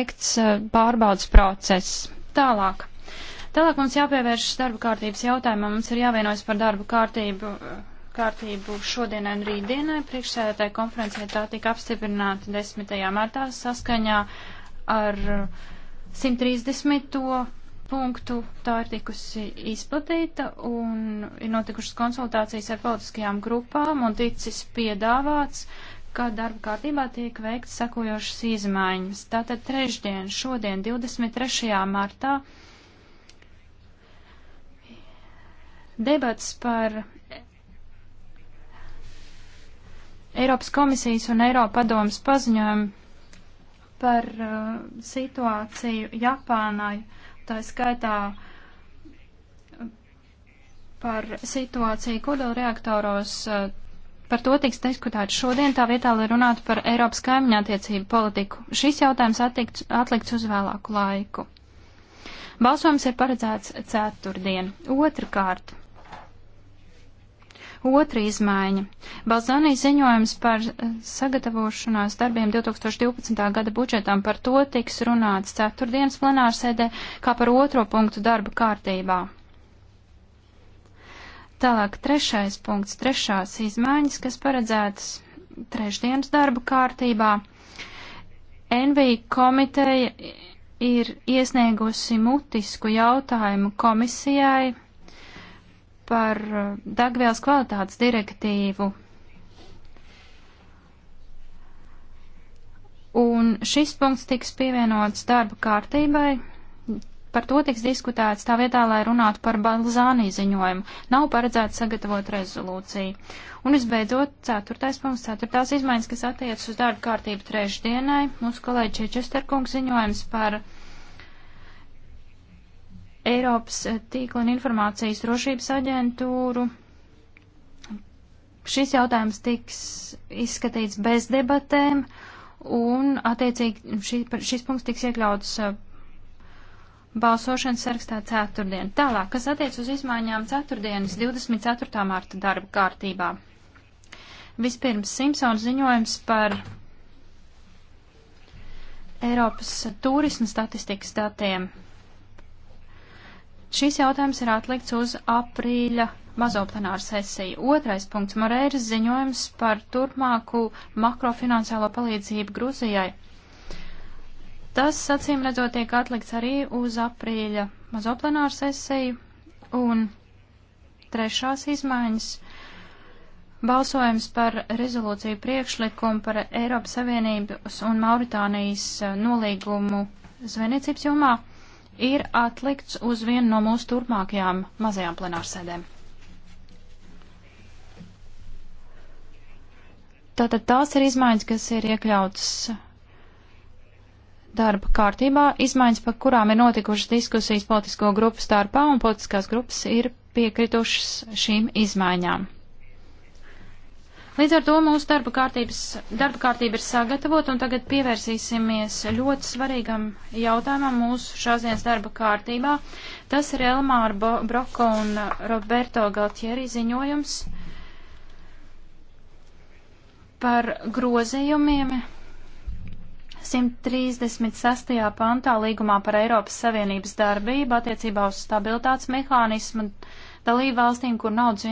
veikts eh, pārbaudas process. Tālāk. Tālāk mums jāpievēršas darba kārtības jautājumam. Mums ir jāvienojas par darba kārtību, eh, kārtību šodienai un rītdienai. Priekšsēdētāja konferencē tā tika apstiprināta 10. martā saskaņā ar 130 eh, punktu tā ir tikusi izplatīta un ir notikušas konsultācijas ar politiskajām grupām un ticis piedāvāts, ka darba kārtībā tiek veikts sekojošas izmaiņas. Tātad trešdien, šodien, 23. martā, debats par Eiropas komisijas un Eiropa padomas paziņojumu par uh, situāciju Japānai, tā skaitā uh, par situāciju kodolreaktoros. Uh, Par to tiks diskutēts šodien, tā vietā, lai runātu par Eiropas kaimiņattiecību politiku. Šis jautājums attikts, atlikts uz vēlāku laiku. Balsojums ir paredzēts ceturtdien. Otrakārt. Otra izmaiņa. Balzānī ziņojums par sagatavošanās darbiem 2012. gada budžetam par to tiks runāts ceturtdienas plenārsēdē kā par otro punktu darba kārtībā. Tālāk trešais punkts, trešās izmaiņas, kas paredzētas trešdienas darba kārtībā. NV komiteja ir iesniegusi mutisku jautājumu komisijai par uh, dagvielas kvalitātes direktīvu. Un šis punkts tiks pievienots darba kārtībai Par to tiks diskutēts tā vietā, lai runātu par Balzānī ziņojumu. Nav paredzēts sagatavot rezolūciju. Un visbeidzot, ceturtais punkts, ceturtās izmaiņas, kas attiecas uz darba kārtību trešdienai, mūsu kolēģi Čečesterkungs ziņojums par Eiropas tīkla un informācijas drošības aģentūru šis jautājums tiks izskatīts bez debatēm, un attiecīgi šis, šis punkts tiks iekļauts balsošanas sarakstā ceturtdien. Tālāk, kas attiec uz izmaiņām ceturtdienas 24. marta darba kārtībā. Vispirms Simpsons ziņojums par Eiropas turisma statistikas datiem. Šis jautājums ir atlikts uz aprīļa mazoplenāru sesiju. Otrais punkts - Morēras ziņojums par turpmāku makrofinansiālo palīdzību Gruzijai. Tas, acīm redzot, tiek atlikts arī uz aprīļa mazo plenāru sesiju. Un trešās izmaiņas - balsojums par rezolūciju priekšlikumu par Eiropas Savienības un Mauritānijas eh, nolīgumu zvejniecības jomā ir atlikts uz vienu no mūsu turpmākajām mazajām plenārsēdēm. Tātad tās ir izmaiņas, kas ir iekļautas darba kārtībā izmaiņas, par kurām ir notikušas diskusijas politisko grupu starpā, un politiskās grupas ir piekritušas šīm izmaiņām. Līdz ar to mūsu darba, kārtības, darba kārtība ir sagatavota, un tagad pievērsīsimies ļoti svarīgam jautājumam mūsu šādienas darba kārtībā. Tas ir Elmāra Bo Broko un Roberto Galtieri ziņojums par grozījumiem 136. pantā līgumā par Eiropas Savienības darbību attiecībā uz stabilitātes mehānismu dalību valstīm, kur naudas vien